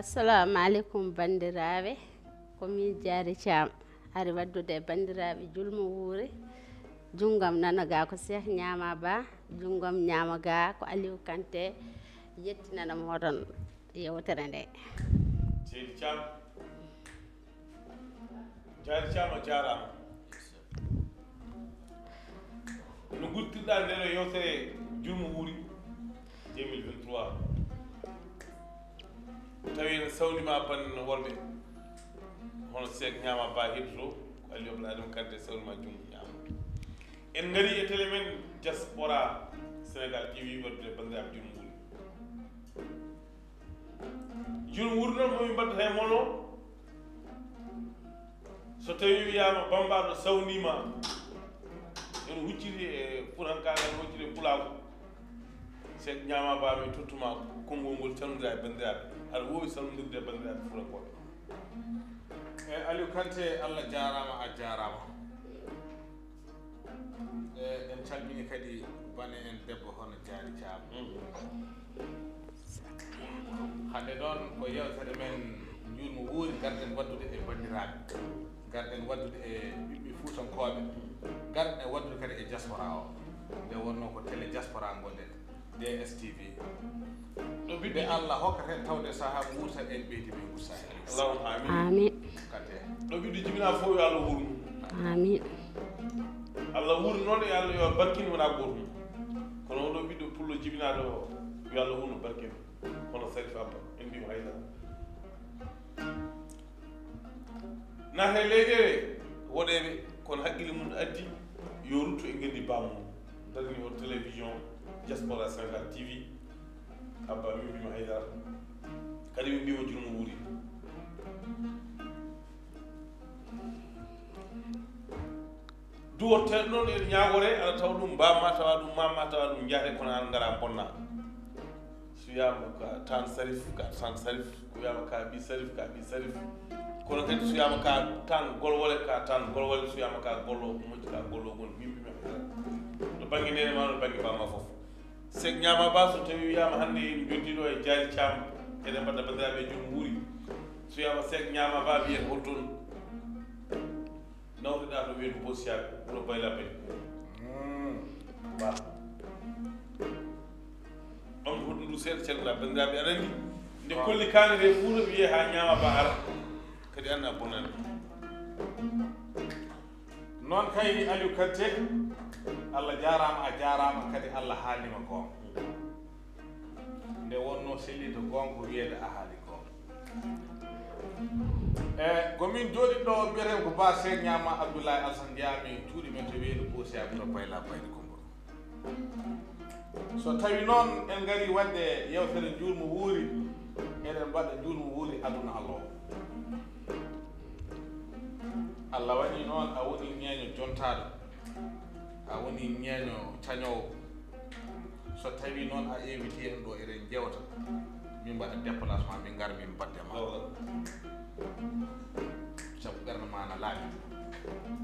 assalamu aleykum bandiraɓe komin jaari cam ari waddude e bandiraɓe julmo wuuri junngam nanoga ko cheikh ñama ba junngam ñamaga ko aliou kanté yettinana moɗon yewtere nde seydi cam jaari cama jarama no guttirɗa ndeno yewtere julmo wuuri 2023 tawi no sawndima banno worɓe hono seeg ñaama ba hidoto ko alliyoblaɗum kadde sawndima jum ñaama en gari e tele men diaspora sénégal tiwi wadde bandiraɓe jum wuuri jum wuuri noon komin mbaddata e mono so tawi wiyama bambaɗo sawndima en huccidi e fotankaga en huccidi e pulako seeg ñaama bami tottuma konngol ngol tanodira e bandiraɓe aɗa wowi salmodirde e bandiraɓe fulakoɓe e aliou kante allah jarama a jarama e en calmini kadi bane en debbo hono jaari jam hande noon ko yewtere men jurmo wuuri garɗen waddude e bandiraɓe garɗen waddude e ɓiɓɓe fuutankoɓe garɗen waddude kadi e diaspora o nde wonno ko télé diaspora gonɗen dstv ɗo ɓiɓɓe allah hokkate tawde saha musa en ɓeydi ɓe gusaamin ɗo ɓiɗɗo jibina fo yo allah wurmu amin allah wur noone yo allah yo barkin wona gotum kono oɗo ɓiɗɗo pullo jibinaɗo yo allah huno barkin hono sarif abba en mbimo hayda nate leyɗere woɗeɓe kono haqqille mum addi yo ruttu e gendi bamum dadani o télévision diaspora sénégal tv abba mi mbima haydara kadi mi mbima jurmo wuuri duwo ten noon en ñagore aɗa tawa ɗum bamma tawa ɗum mamma tawa ɗum jaate kono an ngara bonna so wiyama ka tan sarif ka tan sarif ko wiyama ka bi sarif ka bi sarif kono kadi so wiyama ka tan golwole ka tan golwole so wiyama ka gollo moƴƴi ka gollo gon mimbimi haydara no banggue nene ma no banggue bamma foof sek ñaama ba so tawi wiyama hannde joddino e jaari caama ene mbadda bandiraɓe e jom guuri so wiyama sek ñaama ba wiyen hol toon nawtoɗa to wiyeto bosiyak wuro bayla bay hmm, ba on hoɗum ɗu seeɗa ceerɗa bandiraɓe aɗa anndi nde kolli kaanire e fuuno wiye ha ñaama ba ara kadi anna bonani noon kay aliou kadte allah jarama a jarama kadi allah haalima gonga nde wonno sellido gonga wiyede a haali gonga e komin joɗi ɗo biyaten ko ba sen ñama abdoulahi alsan jiyami cuuɗi men to weeno ɓoosi am to bayla bayde kombaro so tawi noon en gari wadde yewtere jurmo wuuri eɗen mbaɗa jurmo wuuri aduna allah o allah waɗi noon a woɗi ñeeño jontaɗo a woni ñeeño cañoowo so tawi noon a invité en ɗo eɗen jewta min mbaɗa déplacement min ngar min batde ma sabu ɓerna ma na laaɓi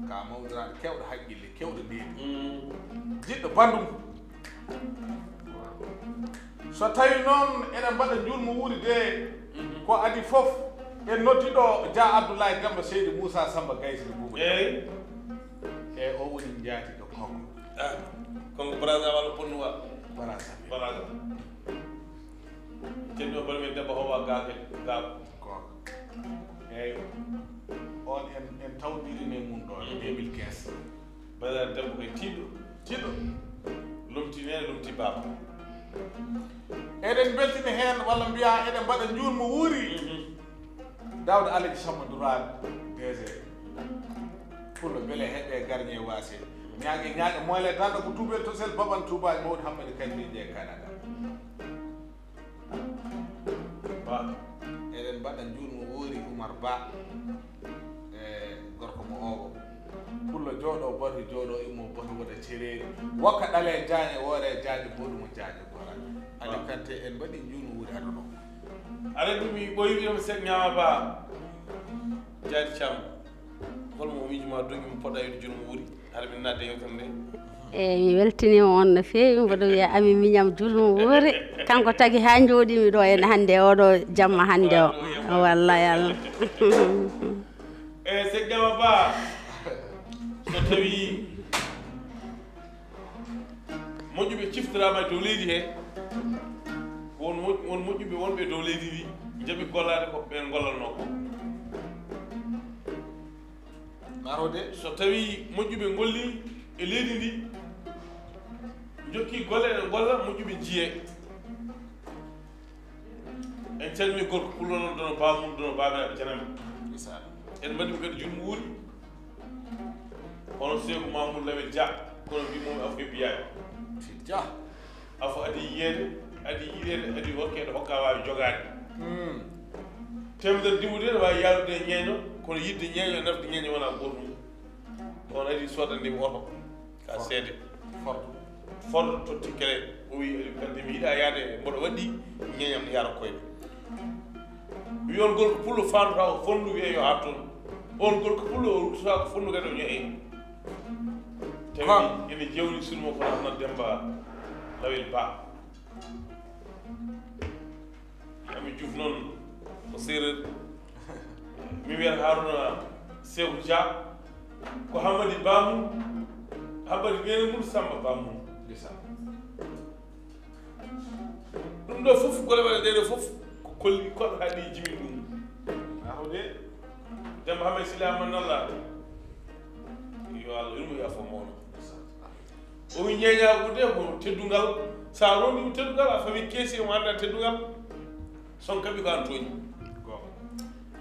ka mawɗiraɗo kewɗo haqqille kewɗo ndeeni mm. jiɗɗo bandum so tawi noon eɗen mbaɗa njurmo wuuri de mm-hmm. ko adi fof en noddiɗo dia abdoulaye demba seydi moussa samba gaysi bouba eyi eyi o woni jaatig nokku ah, konko brasa walla ponnuwa brasa brasa ceni o balmin debbo howa gaake gaako gook eeyi on en en tawdirine mum ɗo e 2015 bada debbo koye tiiɗo tiiɗo lumtinene lumti baaba eɗen beltini heen walla mbiya eɗen mbaɗa njuurmo wuuri mhm. dawde alaji sammo droit dg pour le bele heɓe e garñe e waasee ñaage ñaage moyle tanɗo ko tuubel to sel babal tubaj mawɗi hammede kañumi jee kanada ba eɗen mbaɗa juutmo woori oumar ba e gorko mo oogo pullo jooɗo bato jooɗo immo boto wota cereeri wokka ɗale jaañe woore jaañe booɗumo jaañe gora ali kante en mbaɗi juutmo woori aɗo ɗo aɗa ɗumi ɓoyiɓiɗom se ñama ba jaadi cam holmo miijo ma dogimo poɗɗa wide juutmo wuuri eyi mi weltinima on no fewi mboɗo wiya ami miñam julum wuuri kanko tagi ha jooɗimi ɗo ene hannde oɗo jamma hannde o wallay allah eyi eh, seƴƴama ba so tawi moƴƴuɓe ciftorama e dow leydi he won won moƴƴuɓe wonɓe dow leydi wi jaɓi gollade ko ɓen gollatnoko arode so tawi moƴƴuɓe golli e leydi ndi jokki golle ene golla moƴƴuɓe jiye en calmi gorko kullonon dono bamum dono babiraɓe janami en mbaɗimo kadi jutm wuuri hono seeku mamoudou lawe dia kono mbimom afo ke mbiyaɓe dia afo adi yiyede adi yiyede adi hokkede hokka wawi jogade hmm. temedere dimude ne wawi yaalude e ñeeño kono yidde ñeeño e nafde ñeeño wona gor mum on adi sodandim oto ka seede fordo fordo tottikele o wi kande mi yiiɗa yaade mboɗo waɗɗi ñeeñam ne yaara koye wiyon gorko pullo fandota ko fonndu wiye yo ha toon on gorko pullo o ruttata ko fonndu kadi o ñoye tawi ene jewni surmo ko ahna demba lawel ba ami juf noon sereur mi wiyata haruna sewu dia ko hammadi bamum hammadi gene mum samba bamum ɗum ɗo foof gole waɗe ɗeɗo foof ko kolli koɗo haaɗi e jimi ɗum aho de demba hamay silama nallade yo allah yurmo yafo mawno owi ñeñagu de ko teddungal sa rondimo teddungal a fami keesi omo e anda teddungal son kaɓi ko antoñi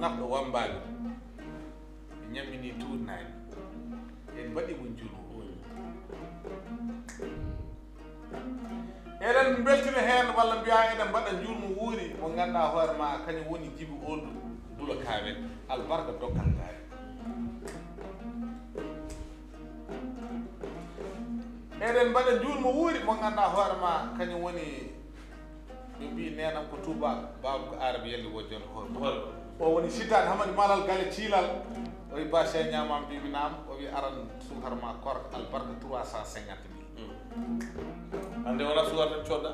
naɗɗo wambaɓe ɓe ñammini tuutnaani en mbaɗi mo junuuji eɗen beltina heen walla mbiya eɗen mbaɗa njulmo wuuri mo ngannduɗaa hoore ma kañum woni jibi oldu dula kaamen albarka dokkal ngaari eɗen mbaɗa njulmo wuuri mo ngannduɗaa hoore ma kañum woni ɓe mbi nenam ko tuba baaba ko arabe yalli wo jon hoore hoore o woni sittaade hamadi malal gale ciilal o wi bache ñaamam mbiminaam o wi aran suukarma kor albarka 350 mille hmm. hannde wona suukarde codɗa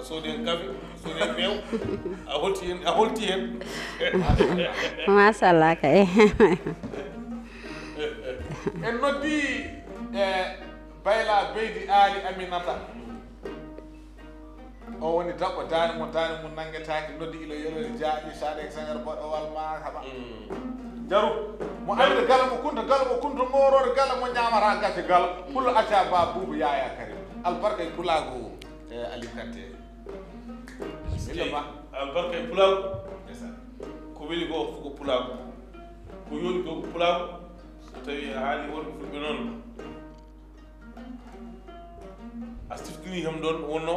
a soodi hen kafe soodi hen mew a holti hen a holti hen machallah ka e en noddi e bayla beydi aali aminata o woni daɓɓo daane mum daane mum nanguetaki noddi ilo yelori jaaƴi saade e sañar boɗowal ma haɓa mm. jaru mo amide gala mo kunta gala mo kunta moorore gala mo ñamata gasi gala mm. pulla acca ba boubo yaya kari albarka e pulago e ali katte bisimillama albarka e pulago ko weli go fo ko pulago ko yoni go pulago so tawi haali wonɓe fulɓe noon a siftini hem ɗon wonno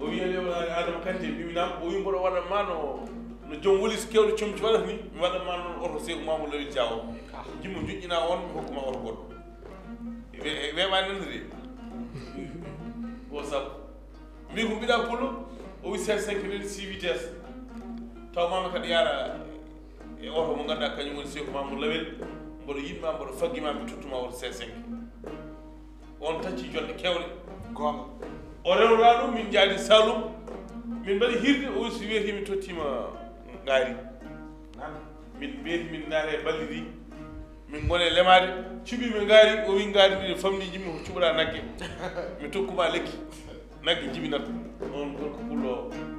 o wiya lewnaani adama kante mbiminaam o wi mboɗo waɗa ma no no joom wolis kewɗo comci waɗat ni mi waɗat ma noon oto seeku mamo lawil jaa o jimmo juƴƴinaa on mi hokkuma oto goɗɗo e e weeɓa nande de o sabu mbi ko mbiɗa pullo o wi sen cinq minute six vitesse taw mami kadi yara e oto mo ngannduɗa kañum woni seeku mamo lawel mboɗo yimma mboɗo faggimami tottuma oto sen cinq on tacci jonɗe kewɗe gonga o rewra ɗum min jaadi salum min mbaɗi hirde osi weeti mi tottima ngaari min ɓeeti min naare balliri min gone lemaade cuɓi mi ngaari o wi ngaari ɗi famɗi jimmi ko cuɓuɗa nagge mi tokkuma lekki nagge jibinat on gorko pullo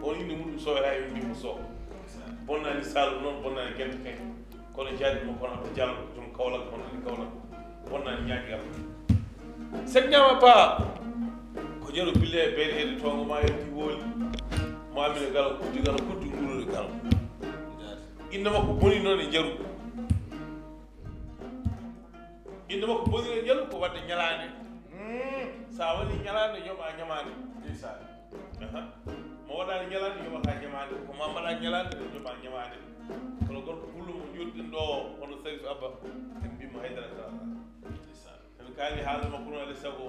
on inde muɗum soo ha yondi mo soo bonnani salum noon bonnani gelde ken kono jaadi mo kono to jallo jom kawlak bonnani kawlak bonnani ñaaƴigam sen ñama pa ƴeru bille e beyɗe heɗe tongo ma e diwoli mamine gala kuddi gala kuddi gurude gala inde makko boni noon e jaru inde makko boni e jaru ko wadde ñalande hmm, sa waɗi ñalande jooma ñamande ndeysan mo waɗani ñalande joomata ñamande ko ma mbaɗa ñalande ne jooma ñamande kono gorko pullo mo joɗɗin ɗo hono sarif abba en mbima haydara sala kaali haala makko noon alay sago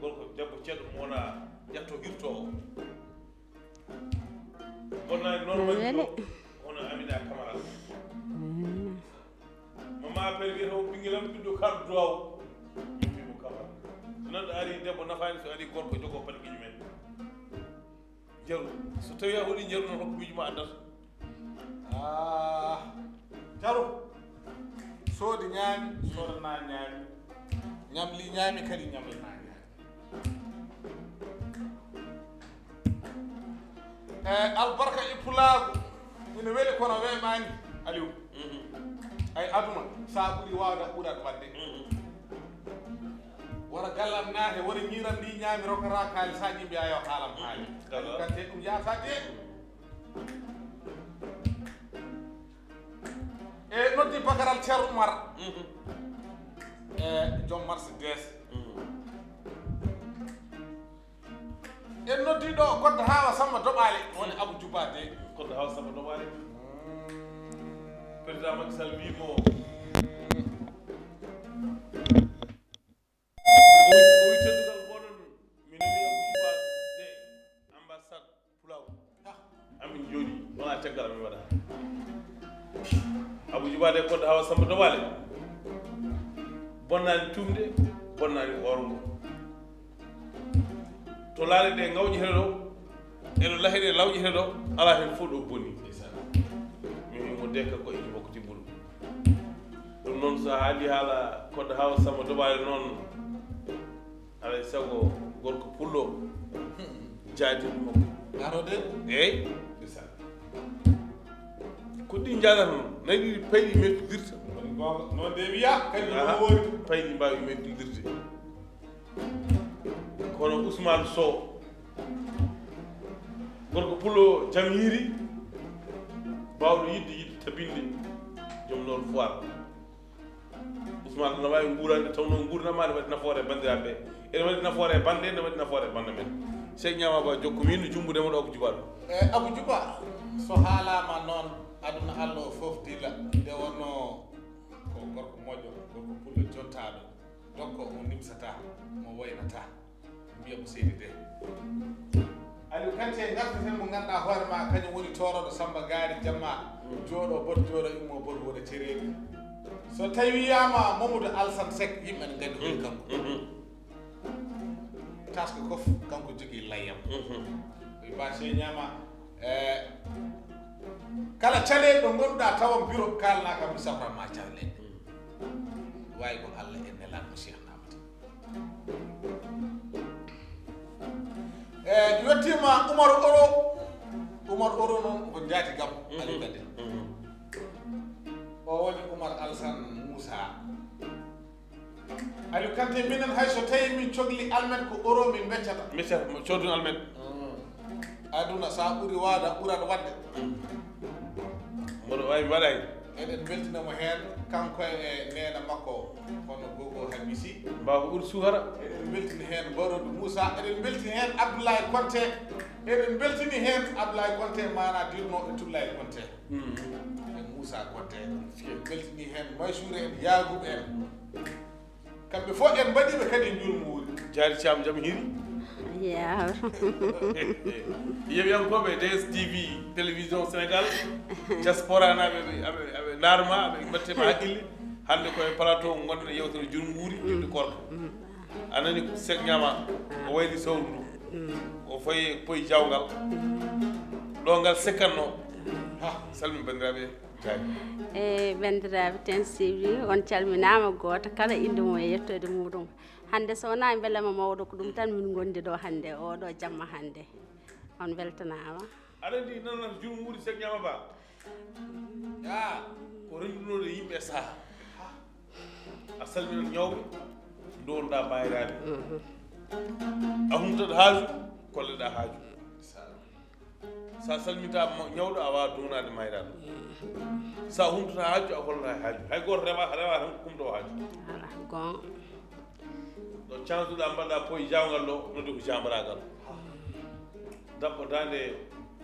gorko debbo ceɗɗo mo wona ƴetto hirto o bonnani e normaio hono amina camaral mama pere wiyata o ɓinguelam ɓiɗɗo kar duwaw mimimo camaral so nanɗo ari debbo nafani so ari gorko jogo pat guiji men jaru so tawi a hoɗi jaru noon hokko miijo ma addata ah, jaru soodi ñaami sodana ñaami ñamli ñaami kadi ñamlanaa eyi albarka ippulaagu e ina weli kono weemaani aliw mhm. ay aduna saa ɓuri waawde ɓurat wadde wora gallam naate wora ñiiran ndi ñaami rokataa kaali saa ñimbi a yo haalam haali gatte mhm. ɗum yaataa de mhm. eyi noddi bakaral ceer umar ɛɛ John Mercedes eno di dɔ kɔta ha wa sama dɔbali mm. wani abu juba de kɔta ha wa sama dɔbali mm. président Macky Sall mi mɔ. ala hen fof ɗo boni min mo deka ko ijo makko tibbulu ɗum noon so haali haala koɗo hawa samba doɓare noon alay saago gorko pullo jaadi ɗum makko garode eyyi ko ɗi jaadata noon nayi ɗiɗi payɗi mettodirta noon de wiya kañum woori payɗi mbawi mettodirde kono ousmane sow gorko pullo jam yiri bawɗo yidde yidde tabinde jom noon foir ousmane no wawi guurande tawno guurnama ne waɗi nafoore e bandiraɓe ene waɗi nafoore e bande ne waɗi nafoore e bande men seyd ñamaba jokkomin no jumbudemoɗo e abou djuba ɗo e abou djuba so haalama noon aduna allah o foof dilla nde wonno ko gorko moƴƴo gorko pullo jottaɗo dokka o nimsata mo waynata mbiya mo seydi de ali kante gartaten mo ganduɗa hoore ma kañum woni toroɗo samba gaari jamma jooɗo boto jooɗo immo boto woɗa cereeɗi so tawi wiyama momadou alsan sek yimɓe ne gandi honi kanko mm, mm, mm. taske kof kanko jogui layyam bache ñama e, kala caleele ɗo gonduɗa tawa buro kalna kam mi safran ma cawleɗe wawi ko allah e nelan mosiyanamata eyyi wettima oumar oro oumar oro noon ko jaati gam mm-hmm. ali kadi mm-hmm. o woni oumar alsane moussa ali kante minen hayso tawi min cohli almen ko oro min beccata miccata codduno almen mm. aduna sa ɓuuri waada ɓurat wadde mm. mboɗo wawi mi waɗay eɗen beltinamo heen kanko e nena makko hono gogo habisi mbawko ɓuur suhara eɗen beltini heen barodo moussa eɗen beltini heen abdoulaye conté eɗen beltini heen abdoulaye conté mana dirnoɓe toulaye conté en moussa conté en beltini heen maysour en yaagouɓe en kamɓe fo en mbaɗiɓe kadi e njurmowuri jaari cam jaam hiiri jeyaaro yewiyankoɓe ds tv télévision sénégal diasporanaɓe aɓe laarma aɓe mbattema haqqille hande koye plateau gonɗen yewtere jurum wuuri ɗiɗi korka anani sek ñama o wayli sowru ndu o fayi poyi jawgal ɗongal sekkatno ha salmi bandiraɓe eyi eh, bandiraɓe ten sibi on calminama goto kala inde mo e yettode muɗum hannde so wonaa mbelema mawɗo ko ɗum tan min gonndi ɗo hannde oɗo jamma hannde on weltanaama aɗa ndi nana jum wuuri sek ñama ba a ko reñunoɗe yimɓe saha a salmino ñawɓe ndowonɗa mbayraade a humtat haaju kolleɗa haaju sa salmitama ñawɗo a wawa donade mayraɗo sa humtata haaju a holla haaju hay goto rewa rewa tan kumtoo haaju ala gon ɗo chance uɗa mbaɗa poye jawgal ɗo noddi ko jambaragal dabbo dande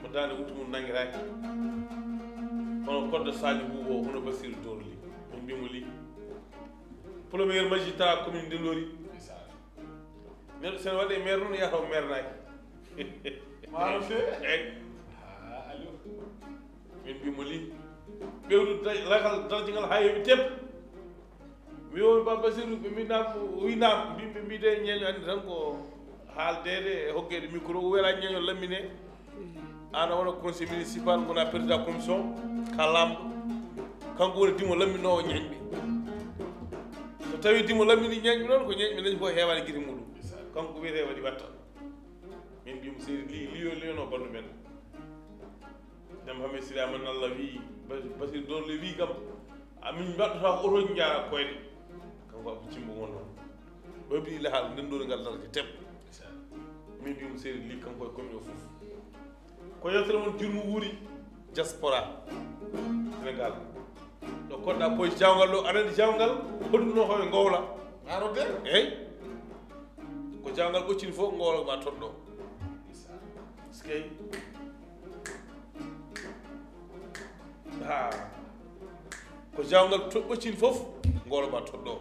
mo dande wutu mum nangiraki hono koddo sadio boubo hono basir dorli on mbimo li premier magistrat commune ndellori neɗɗo sen waɗe maire noon yataw maire naki eyi min mbimo li ɓewdu ragal darje ngal ha heewi tepp mbiwomi babasirdu ɓe mbi nam winam mbiɓe mbide ñeño andi tan ko haaldede e hoggede micro welan ñeño lamine an wona conseil municipal gona président commission kalam kanko woni dimo laminowo ñañɓe so tawi dimo lamini ñañɓe noon ko ñañɓe dañi ko hewani guiri muɗum kanko wiyete waɗi watta min mbimo seydi li liyo liyono bandu men dem hamed sidamanallah wi basir dolle wi kam amin mbaɗɗata ko oto jara koyɗe waɓe cimbo won noon ɗo bii laha ndenndori ngal dalde teɓ min mbimo seeri li kanko e commi o fof ko yewtere mon jurmo wuuri diaspora sénégal ɗo koɗɗa poyc e jawngal ɗo aɗa andi jawngal hoɗum ɗo hoye ngowla arode eyi ko jawngal ɓoccini fof ngowla ma toɗɗo sky ha ko jawngal ɓoccini fof ngowla ma toɗɗo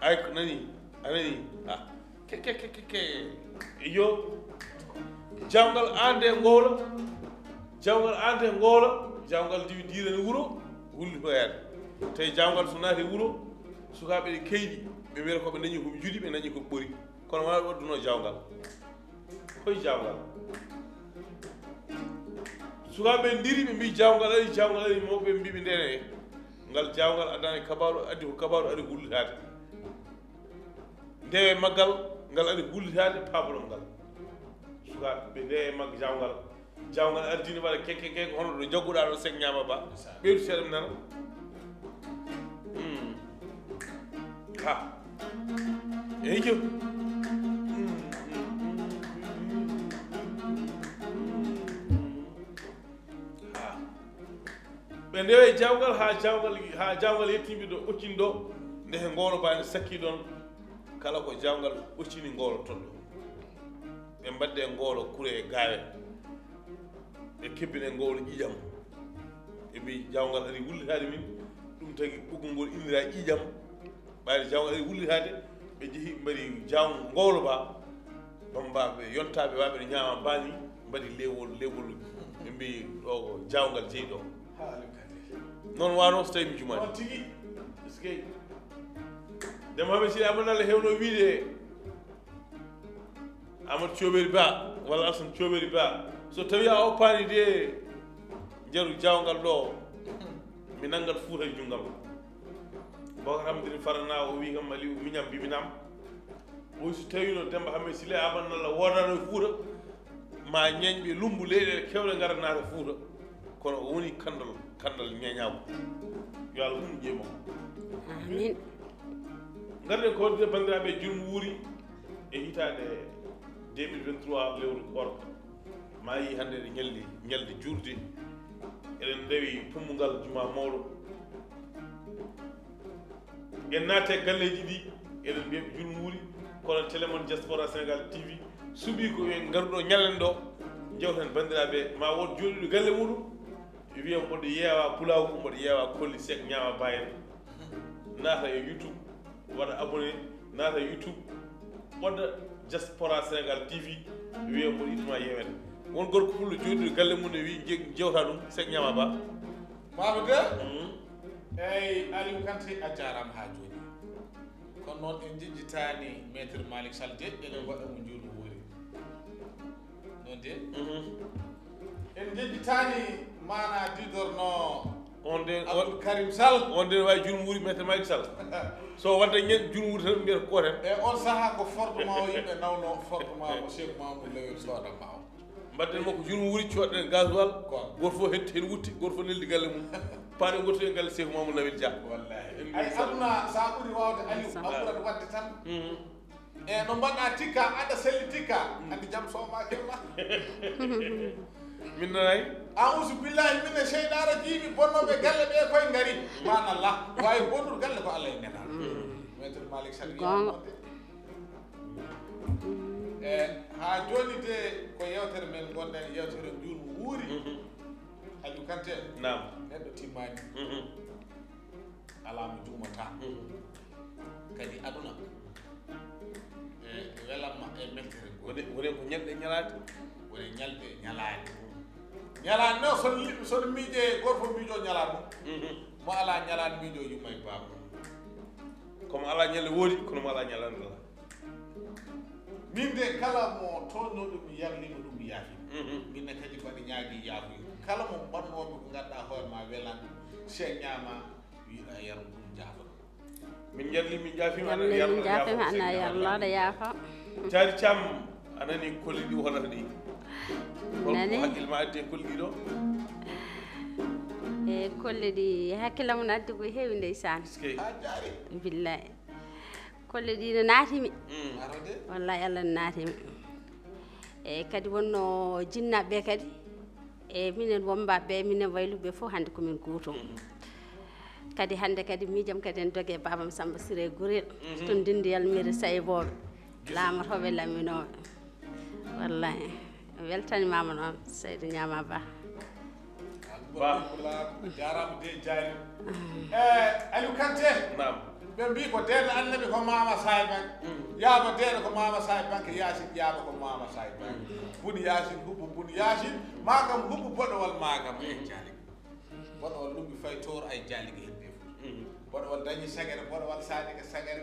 ay nani anani a ah. keke keke yo jawgal ande ngoolo jawgal ande ngoolo jawgal diwi diirani wuro wulli hoyade tawi jawgal so naati wuro sukaɓe ɗe keyɗi ɓe wiyata koɓe dañi koɓe juuɗi ɓe dañi koɓe ɓori kono wona wadduno jawgal hoy jawgal sukaɓe ndiri ɓe mbi jawgal ari jawgal ari mawɓe mbiɓe ndene ngal jawgal addani kabaru addi ko kabaru ari wullitade ndewe maggal ngal ari gullitade pabalol ngal sukaɓe ɓe ndewe magga jawgal jawgal ardini waɗa keke keke hono ɗo jagguɗa ɗo seg ñama ba ɓeydu seeɗam nana hmm. ha eyi jo ɓe ndewe jawgal ha jawgal ha jawgal yettimɓe ɗo ɓoccini ɗo nde he ngoro bane sakki ɗon kala ko jawgal ɓoccini ngoolo tonɗo ɓe mbadde ngoolo kure e gaawe ɓe kebbine ngoolo ƴiƴam ɓe mbi jawgal adi wullitaade min ɗum tagi ɓoggol ngol innira ƴiƴam ɓaade jawgal adi wullitaade ɓe jehi mbaɗi jaw ngoolo ba bambaɓe yontaɓe waɓe ne ñaama baani mbaɗi lewol lewol ɓe mbi ɗo jawgal jeyi ɗo noon wano so tawi mi jumaniigi demaɓe siɗi amanalla hewno wiide amadou coɓeri ba walla arsane coɓeri ba so tawi a oppani de jaru jawgal ɗo mi nanggal fuutay e junngal bokar hamdine farana o wi kam aliou miñam biminam oy so tawino demba hamme sile amanalla wodano e fuuta ma ñeñɓe lumbu leyɗele kewɗe garanata e fuuta kono o woni kandal kandal ñeñago yo allah hunu ƴeymo amin garɗen ko wontide banndiraaɓe jurmu wuuri e hitaade 2023 lewru or maayi hannde ɗe ñalli ñalde juurde eɗen dawi pummungal juma mawɗo en naate galleeji ɗi eɗen mbiyaɓe jurmu wuuri kono télémon diaspora sénégal tv suuɓi ko e ngaruɗo ñallen ɗo jewten banndiraaɓe ma won jooɗiɗo galle muɗum wiya mboɗo yeewa pulaw mboɗo yeewa kolli seeɗ ñaama baayen naata e youtube wada abonné naata youtube wadda diaspora sénégal tv wiya mon ittuma yewen won gorko fulɗo joɗiɗo galle mum ne wi jewta ɗum sek ñama ba mama de eyyi aliou kanté a jarama ha joni kono noon en jejjitani maître malik salde ene waɗa mo jonu wori noon de mm-hmm. en jejjitani mana didorno on de karim sall on de wawi junmuuri mette mayk sall so wadde ñen junmuuri tan mbiyata kooten eyi on saaha ko fordema o yimɓe nawno fordema o cheikh mamoudou lewel sooda ma o mbadden makko junmuuri cooɗɗen gasoil goto foof hetti hen wutti goto foof nelli galle mum paari gorti hen galle cheikh mamoudou lewel dia wallayi ay aduna sa ɓuuri wawde aliou aɓurat wadde tan mm-hmm. eyi no mbaɗa tikka aɗa selli tikka mm. andi jaam somajoma minna ay a'usu billahi mine cheydara jiiɓi bonnoɓe galle ɓe koye gaari manallah wawi bonnude galle ko allah e nena maître malik salgonga e eh, ha joni de ko yewtere men gonɗen yewtere jurmo wuuri hmm. haju kante nam neɗɗo timmani hmm. ala mo jumata hmm. kadi aduna e welamma e mettere woni ko ñalɗe ñalade woni ñalde ñalaade ñalaan no son son miijo gorfo miijo ñalaan mo mhm. mo alaa ñalaan miijooji may baaba comme alaa ñalle woodi kono mo alaa ñalaan alaa min de kala mo toonnoo ɗum yallima ɗum yaafi mhm. min ne kadi mbaɗi ñaagii yaafuyo kala mo mbannoomi ko ngannduɗaa hoore maa welan ɗum see ñaamaa wiiɗaa yar ɗum jaafa min yalli min jaafima aɗa yarla jaafa taari cammo a nani koli ɗi wonata ɗi holko hakkille ma addi e kolli ɗo e kolle ɗi hakkille mon addi ko heewi ndey sane billay kolle ɗi no naatimi hmm. wallay allah no naatimi eyi kadi wonno jinnaɓeɓe kadi e minen wombaɓeɓe minen wayluɓeɓe fof hannde komin guuto hmm. kadi hannde kadi miijam kadi en doge baabam samba sire gurel hmm. toon dindiyal mire sayi booɓe laamotoɓe laminoɓe wallahi weltanimama noon seydo ñama ba jarama de jari ah. eh, aliou kanté ɓe mbi ko deɗo annabi ko mama sahe banque mm. yaaba deɗo ko mama sahe banque yasin yaaba ko mama sahe banque mm. buni yasin huɓɓo buni yasin magam huɓɓo boɗowol magam e mm. jali boɗowol ɗumɓi fay toor ay jaligue hen ɓe fo boɗowol dañi sagere boɗowol sadiga sagere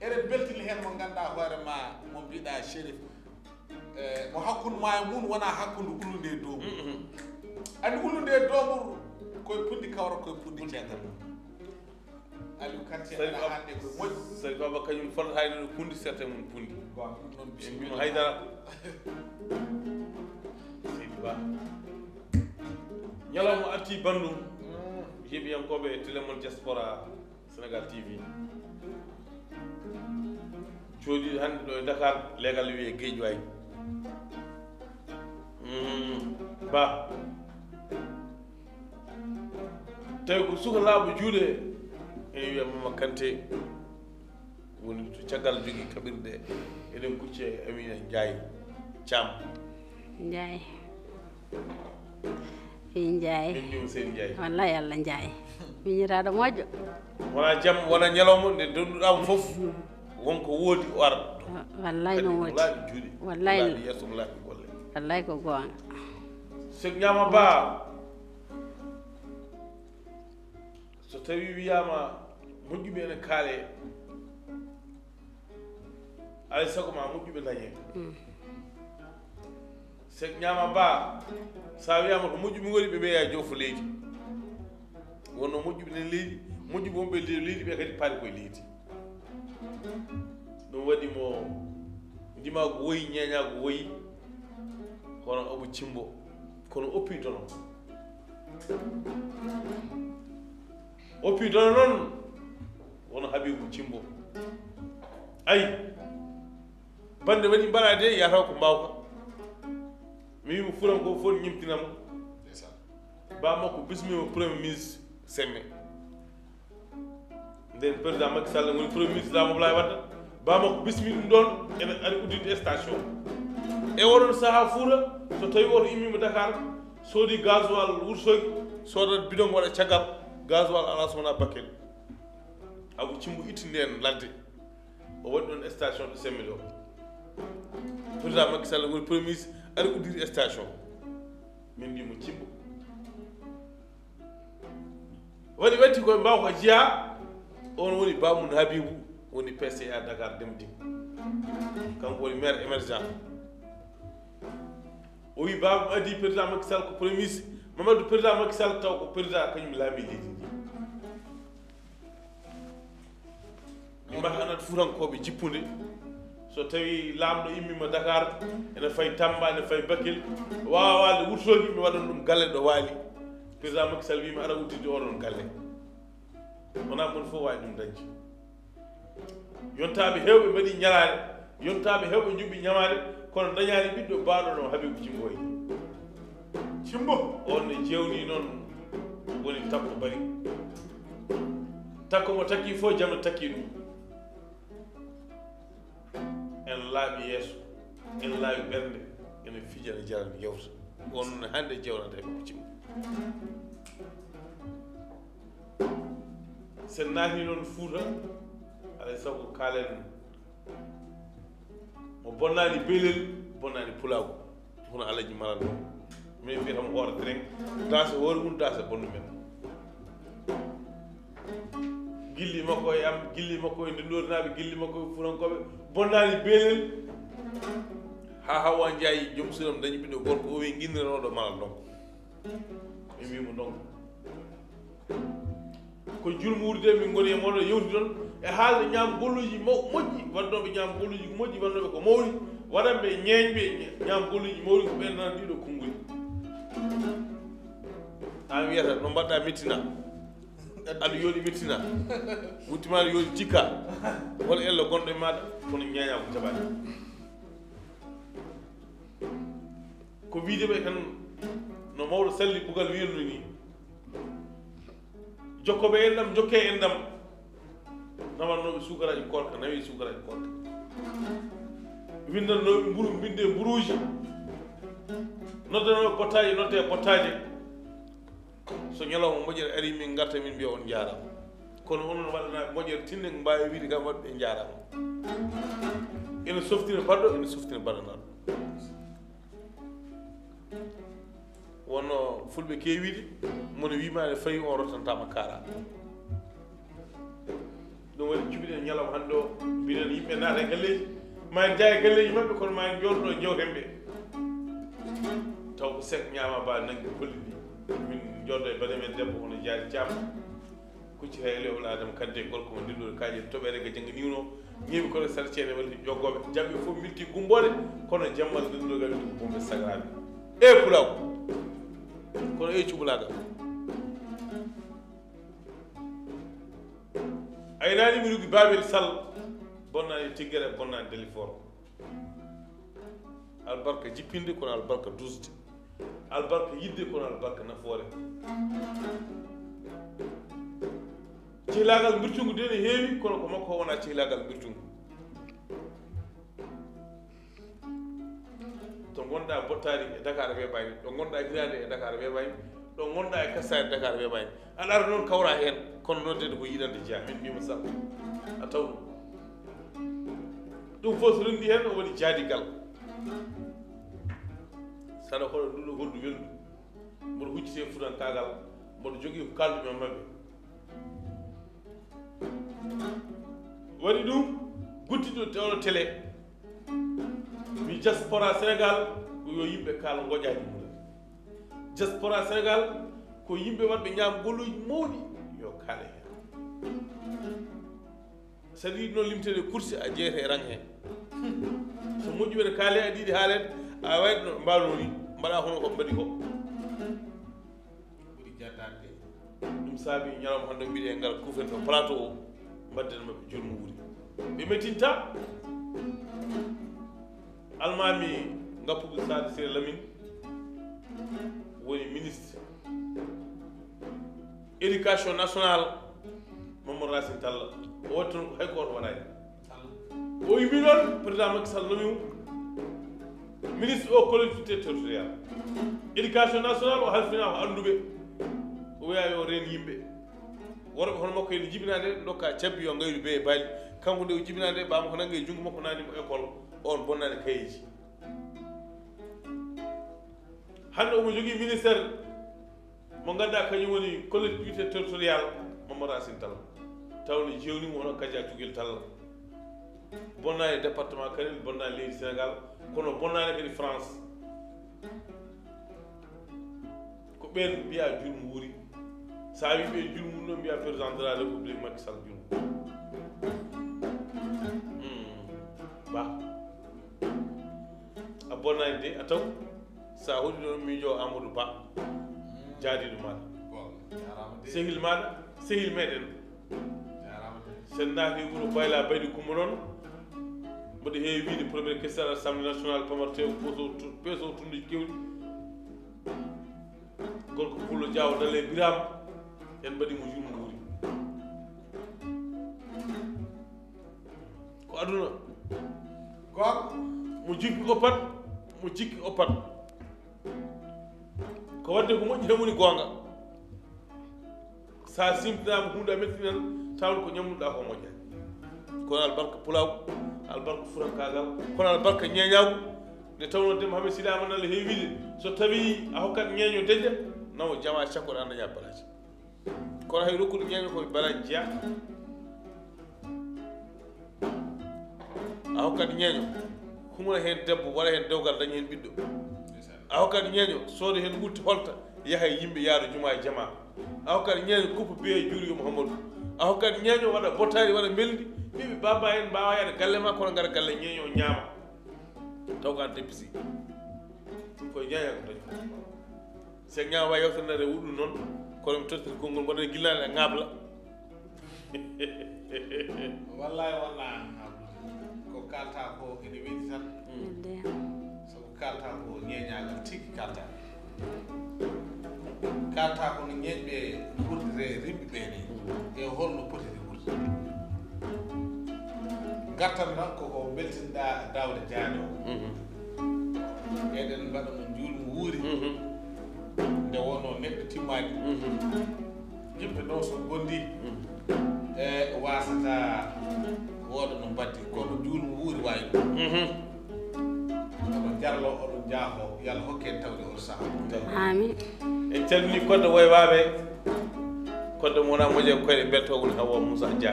ere beltini heen mo nganndaa hoore ma mo mbiɗaa chérif e, mo hakkunde maa e mun wonaa hakkunde ulunde e dow anndi ulunde e dowmur koye punndi kawra koye punndi cetal aliou kantiehannde koye moƴƴi sari baba kañum fot hayno no punndi sette mum punndi e, e mbimo haydara sidi ba ñalawmo artii banndum mm. yeɓiyankooɓe télémon diaspora sénégal tv cuuɗi hannde ɗo e dakar leegal wiye geeƴu ay mm, ba tawi ko suka laabo juuɗe e wiya mama kante woni to caggal jogi kaɓirɗe eɗen kucce e amina njaye cam njaye i njaye ɗum seen njaye wallahi allah njaye miñiraɗo moƴƴo wona jaam wona ñalawma nde donduɗama foof wonko woodi o ara ah, wallay no woodi laaɓi juuɗe wallay yesso laaɓi golle wallay ko goonga sok ñama ba so tawi wiyama moƴƴumi ene kaale alay sago ma moƴƴumi dañe mm. sok ñama ba sa wiyama ko moƴƴumi woni ɓe ɓeeya jofo leydi wonno moƴƴuɓe nen leydi moƴƴuɓe wonɓe ndi leydi ɓe kadi paari koye leydi ɗum waɗi mo ndimaago woyi ñeñaago woyi hono abo cimbo kono oppii dono oppii dono noon wono habibu cimbo ayi bande waɗi mbaɗaade yataw ko mbaawka mi wiimo furan ko fof ñimtinama ba makko bismima premier ministre semme nden président makky sall woni premier ministre laamo oblay wadda bamo ko bismi ɗum ɗon ene ari udditde station e oɗon saaha fuura so tawi oto immima dakar soodi gasoil wursoki sodat bidon waɗa caggal gasoil ala sowona bakkel awo cimbo ittinde hen ladde o waɗi ɗon station ɗo semmi ɗo président makky sall woni premier ministre ari udditde station min mbimo cimbo woni wetti koye mbaw ko jiya on woni bamum habibu woni pca dakar ndemdi kanko woni maire émergent o wi babum adi président makisal ko premier mamadou président makisal taw ko président kañum laami leydi ndi mi mbahanat fourankoɓe jippude so tawi laamɗo immima dakar ene fay tamba ene fay bakel wawa walde wurtoki mi waɗan ɗum galle ɗo waali président makisal wiima ara wutirde oɗon galle wonaa moni fof waawi ɗum dañci yontaaɓe heewɓe mbaɗi ñalaade yontaaɓe heewɓe njuɓɓi ñamaade kono dañaani ɓiɗɗo baaɗo ɗon habibu cimboyi cimbo e. onne jewnii noon woni takko bari takko mo takkii fof jamno takkii ɗum en laaɓi yeeso en laaɓi ɓernde ene fijana jarani yewta onne hannde jewnata heɓe ko cimbo sen naati noon fuuta alay sago kaalen mo bonnaani belel bonnaani pulaago hono alaji maran o min fiyatamo hoore tren dase hoore hun dase bonndu men gilli makko e am gilli makko e ndenndorinaaɓe gilli makko e fuurankooɓe bonnaani belel haa hawa jeyi joom suram dañi ɓinɗo gorko o wi ginnirano ɗo maral ɗon e mbimo donka ko julmuurde min goni e moɗon yewti toon e haalde ñaama golluji moƴƴi wadnoɓe ñaama golluji moƴƴi wadnoɓe ko mawni waɗanɓe ñeeñɓe ñaama golluji mawni ko ɓen nan ɗiɗo kongoli an wiyata no mbaɗɗa mettina aɗa yooɗi mettina wuttima aɗa yooɗi cikka hol ello gonɗo e maɗa kono ñeeña ko jaɓani ko wideɓe kan no mawɗo salli bugal wirnu ni jokkoɓe enɗam ɗam jokke en nawannoɓe sukaraji korka nawi sukaraji korka windannoɓe mburu binde mburuji noddanoɓe bottaji nodde bottaje so ñalawma moƴƴere ari min garta min mbiya on jarama kono onon waɗanaɓe moƴƴere tinne mbawi wiide kam waɗɓe jarama ene softina baɗɗo ene softina baɗanaɗo wonno fulɓe keewiide mono wiimaade fawi on rottantama kaara ɗum waɗi cuɓiɗen ñalam hannde o mbiɗen yimɓe naata e galleji ma en jaa e galleji maɓɓe kono ma en jooɗoɗo e jewten ɓe taw ko sek ñaama ba nangge kolli ndi min jooɗo e bane men debbo hono jaadi jamma kucci ha ele oɓuladam kadde gorko mo ndinɗo kaaje toɓere ga jangga niwno ñiɓi kono sara ceene walli joggoɓe jamɓe fof milti gumbode kono jammal ndinɗo gaɓi ɗo ko mumɓe sagraɓe e pulaw kono ey cuɓalagal aynani mi rugi babel sall bonnani tiggere bonnani délifor albarka jippinde kono albarka dusde albarka yidde kono albarka nafoore cehlagal birtungu de ne heewi kono ko makko o wona cehlagal birtungu gonɗa bottari e dakar weɓani ɗo gonɗa hirade e dakar weɓani ɗo gonɗa e kastade dakar weɓani aɗa ara noon kawra hen kono noddede ko yiɗande jeeya min mbima sappo a taw ɗum fof so rendi hen o waɗi jaadigal saɗa hoɗo ndu ɗo gonndu wendu mboɗo huccite fudankagal mboɗo jogui ko kaldume mabɓe waɗi ɗum guddiɗo tewɗo télé wi diaspora sénégal ko yo yimɓe kala goƴaji mumen diaspora sénégal ko yimɓe wonɓe ñam goluji mawɗi yo kaale hen sadi yiɗi noon limtede course a jeyete e rang hen so moƴƴu ɓeɗe kaale a ɗiɗi haalen a wayno mbaloni mbaɗa hono ko mbaɗi ko ɓuri jaddade ɗum saabi ñalawma hande mbiɗe ngal kuufen no plateau o mbaddene mabɓe jolmo wuuri ɓe metinta almami gappugu sade sére lamine woni ministre éducation national mamadou racine talla owatton haykoto waɗani o yimi noon président makisal lomiu ministre o collectivité territorial éducation national o halfina o anduɓe o wiya yo reen yimɓe worɓe hono makko ene jibinade dokka cabbi yo gayru be e baali kanko nde o jibinade bamako nangge e junggo makko nanimo école on bonnani kayeji hande omo jogui ministére mo ganduɗa kañum woni collectivité territorial mamadou racine tall tawne jewnimo hono kadia cugel tall bonnani e département kañum bonnani leydi sénégal kono bonnani kadi france ko ɓen mbiya jurmu wuuri sa wi ɓe jurmu ɗum ɗo mbiya président de la république makisal jurmu wonani de a taw sa hoɗi ɗo miijo amadou ba hmm. jaadiɗo maɗa sehil maɗa sehil meɗen sen naati wuro bayla baydi kumba noon mboɗo heewi wiide premier cristal assemblée national pamar tew peso tundi kewɗi gorko fullo diawo dalle biram en mbaɗi mo jumguuri ko aduna gor mo jippi ko pat ko jikki oppat ko wadde ko moƴƴi tamuni goonga sa simtinama hunde a mettinan tawde ko ñamnuɗa ko moƴƴani kono albarka pulaw albarka furankagal kono albarka ñeñagu nde tawno dem hame siɗama nalla heewide so tawi a hokkat ñeño dedde nawa jama cakkoɗa dañia balaji kono hay rokkude ñeño koye balaji jeeya a hokkat ñeño humra heen debbo wara heen dewgal dañi heen ɓiɗɗo a hokkat ñeeño soodo heen wurti holta yaha e yimɓe yaaro juma e jama a hokkat ñeeño coupe bee juuriyo mouhamadou a hokkat ñeeño waɗa botaari waɗa meldi mbiɓe baba en mbawa yaade galle ma kono ngara galle ñeeño ñaama taw kan debbisi ɗum koye ñaña ko dañ si ak ñaama wawi yewtanare wuɗɗu noon kono mi tottiti konngol mbaɗa e gillani e ŋaabla wallay wallaa kalta ko ene weɗi tan sabu kalta ko ñeeñagal tigi kalta kalta kono ñeeñɓe wurdire rimɓe ɓeni e holno potiri wurdi gartan tan koko beltinɗa dawde jaane o mhm. eɗen mbaɗa no juulum wuuri mhm. nde wonno neɗɗo timmaji mhm. yimɓe ɗo so gondi e wasata wooda no mbaddi kono juuni wuuri waawi ɗumoɗo mhm. jarlo oɗo jaafo yalla hokke tawde oɗo saahaami en calmini koddo woye waaɓe koddo mona moƴe koye beltowoni hawo moussa dia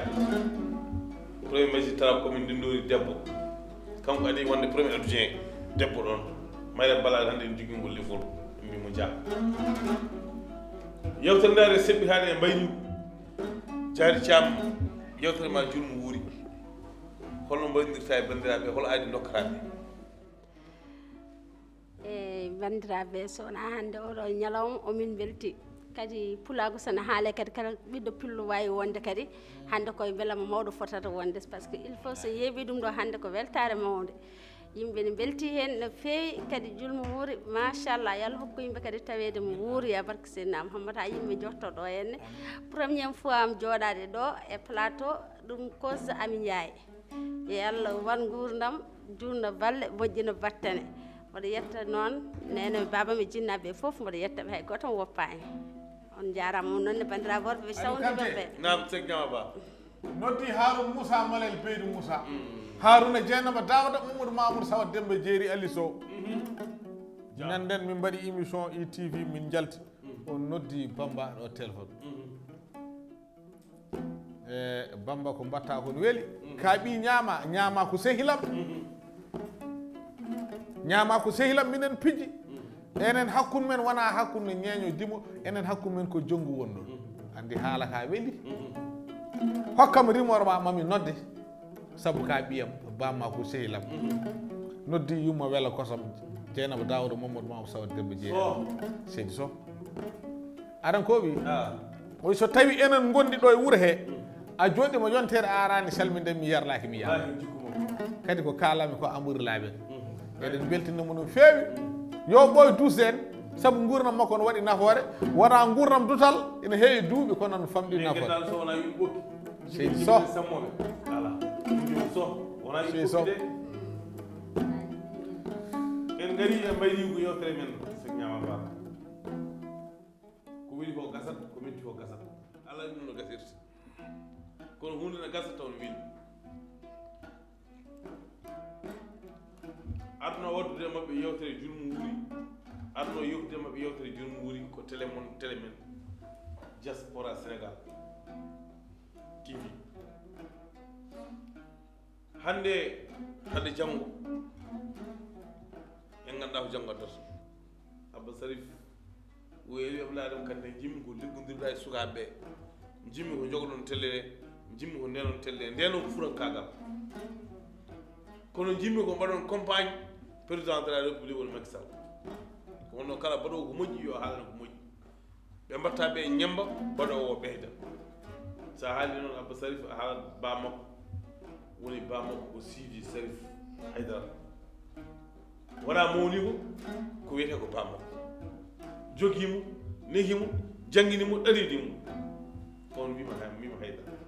premier maisie tara commune ndinndori debbo kanko adi wonde premier adoudien debbo ɗon mayre balade hannde en jogi ngo livol mbimo dia yewtere ndaare seɓɓi haade e mbayni jaari caam yewtere ma juurmo holno mbawdirta e banndiraaɓe hol aadi dokkataaɓe eyi banndiraaɓe so wonaa hannde oɗo ñalawma omin welti kadi pulaago sono haale kadi kala ɓiɗɗo pullo waawi wonde kadi hannde koye mbelama mawɗo fotata wonde par ce que il faut so yeeɓii ɗum ɗo hannde ko weltaare mawnde yimɓe ne mbelti heen no feewi kadi julmo wuuri machallah yo allah hokku yimɓe kadi taweede mo wuuri ya barque sidna mohammad haa yimɓe jotto ɗo henne premiére fois am jooɗaade ɗo e plateau ɗum cause amin yaaye yo e allah wan gurdam jurna balle moƴƴina battane mboɗa yetta noon nene babamɓe jinnaɓe fof mboɗa yettaɓe hay goto mo woppani on jarama on noonne bandiraɓorɓe sawdiɓeɓe nam segnama ba noddi harou moussa malel beydou moussa mm. harouna dienaba dawada mamadou mamoudou sawa dembe jeeri alice o nanden min mbaɗi émission e tv min jalti mm. on noddi bambaɗo téléphone mm. E, bamba ko mbatta ko no weli kaaɓi ñaama ñaama ko sehilam ñaama ko sehilam minen piji enen hakkude men wona hakkude ñeeño dimo enen hakkude men ko jonngu wonnoo anndi haala ka weli hokkam rimore ma mami nodde sabu ka ɓiyam bamma ko sehilam noddi yumma wela kosam jeynaba dawro mamadou mamo sawat dembe jeeya seedi so aɗan koɓi ah. oy so tawi enen gonndi ɗo e wuuro hee a jooɗi mo joon teede aarani salminde mi yerlaki mi yiyama kadi ko kalami ko amour laaɓen eɗen beltinima ɗum feewi yo ɓooy duusde en saabu gurnam makko no waɗi nafoore wona gurnam dutal ene heewi duuɓi kono no famɗi nafoore sey so ko gasat ko metti ko gasat alaa e ɗum no gasirte kono hunde ne gasa taw ne wilma aduna waddude maɓɓe yewtere junmu wuuri aduna yewtude maɓɓe yewtere junmu wuuri ko télé mon télé men diaspora sénégal tiwi hande hande janngo en ganduɗa ko janngo addoto abba sarif o eewi eɓlaɗem kandi jimmi ko liggodirɗa e sukaɓeɓe jimmi ko jogoɗon télé ɗe jimmi o ndenon telle ndenon ko furankagal kono jimmi ko mbaɗon campagne président de la république woni makisal ko wonno kala mbaɗowo ko moƴƴi yo haalana ko moƴƴi ɓe mbatta ɓe ñamba mbaɗowo o ɓeyda so haali noon abba sarif a haalat bamakko woni bamakko ko sidi sarif haydara wona mawni ko ko wiyete ko bamakko jogimo nehimo janginimo ɗaridimo on wima wima haydara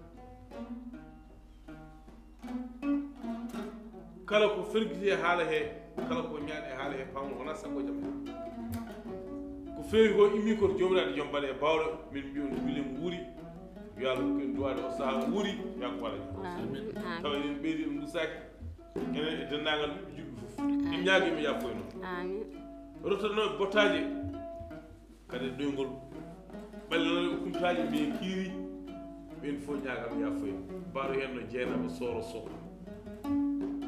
kala ko fergiti e haala he kala ko ñaaɗe e haala he pamon wona saggo e jaam he ko feewi ko immi koto jomiraɗe joom mbaɗe e bawɗo min mbi wile guilem wuuri yo allah hokku en duwaade o sahaa wuuri yo ko waɗa tawa eɗen ɓeydi ɗum ɗusaki ene e denndaangal ɓiɓɓe juɓɓi fof en ñaagi imi yafoy e noon rottanooɓe bottaaje kadi e ɗoyngol ɓallanoɓe kumtaaje mbiye kiiri min fo ñagam yafoy mbaru hen no jeenama sooro soko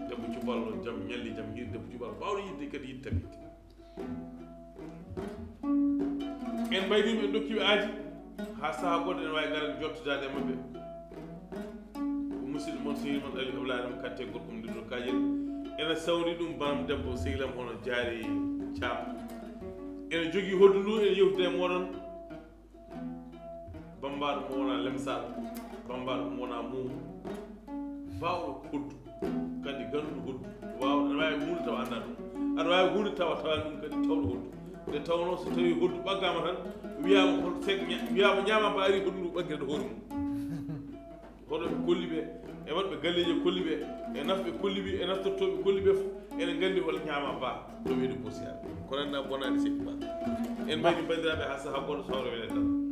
jaamu cuɓal noon jaam ñalli jaam hirde mo cuɓal mbawno yidde kadi yid tamite en mbaydiɓe en dokkiɓe aadi ha saaha goɗɗo ene wawi garan jottodade mabɓe musidɗo moon sehil moon ali hablanam katte gorkom ndinɗo kajel ene sawri ɗum bam debbo sehilam hono jaari caam ene jogui hoddu ndu ene yewtude e moɗon bambaɗo mowona lemsaɗo bambaɗo mowona muum bawɗo hoddu kadi ganduɗo hoddu waw aɗa wawi hunde tawa anda ɗum aɗa wawi hunde tawa tawani ɗum kadi tawɗo hoddu nde tawno so tawi hoddu ɓaggama tan wiyama hol sek wiyama ñama ba ari hoddu ndu ɓaggire ɗo hoori mum hoɗoɓe kolliɓe e waɗɓe galleji kolliɓe e nafɓe kolliɓe e naftortoɓe kolliɓe fo ene gandi hol ñama ba to weydu bosiyan kono anna bonani sekki ma en mbayni bandiraɓe ha saaha goɗɗo sawro weɗen tan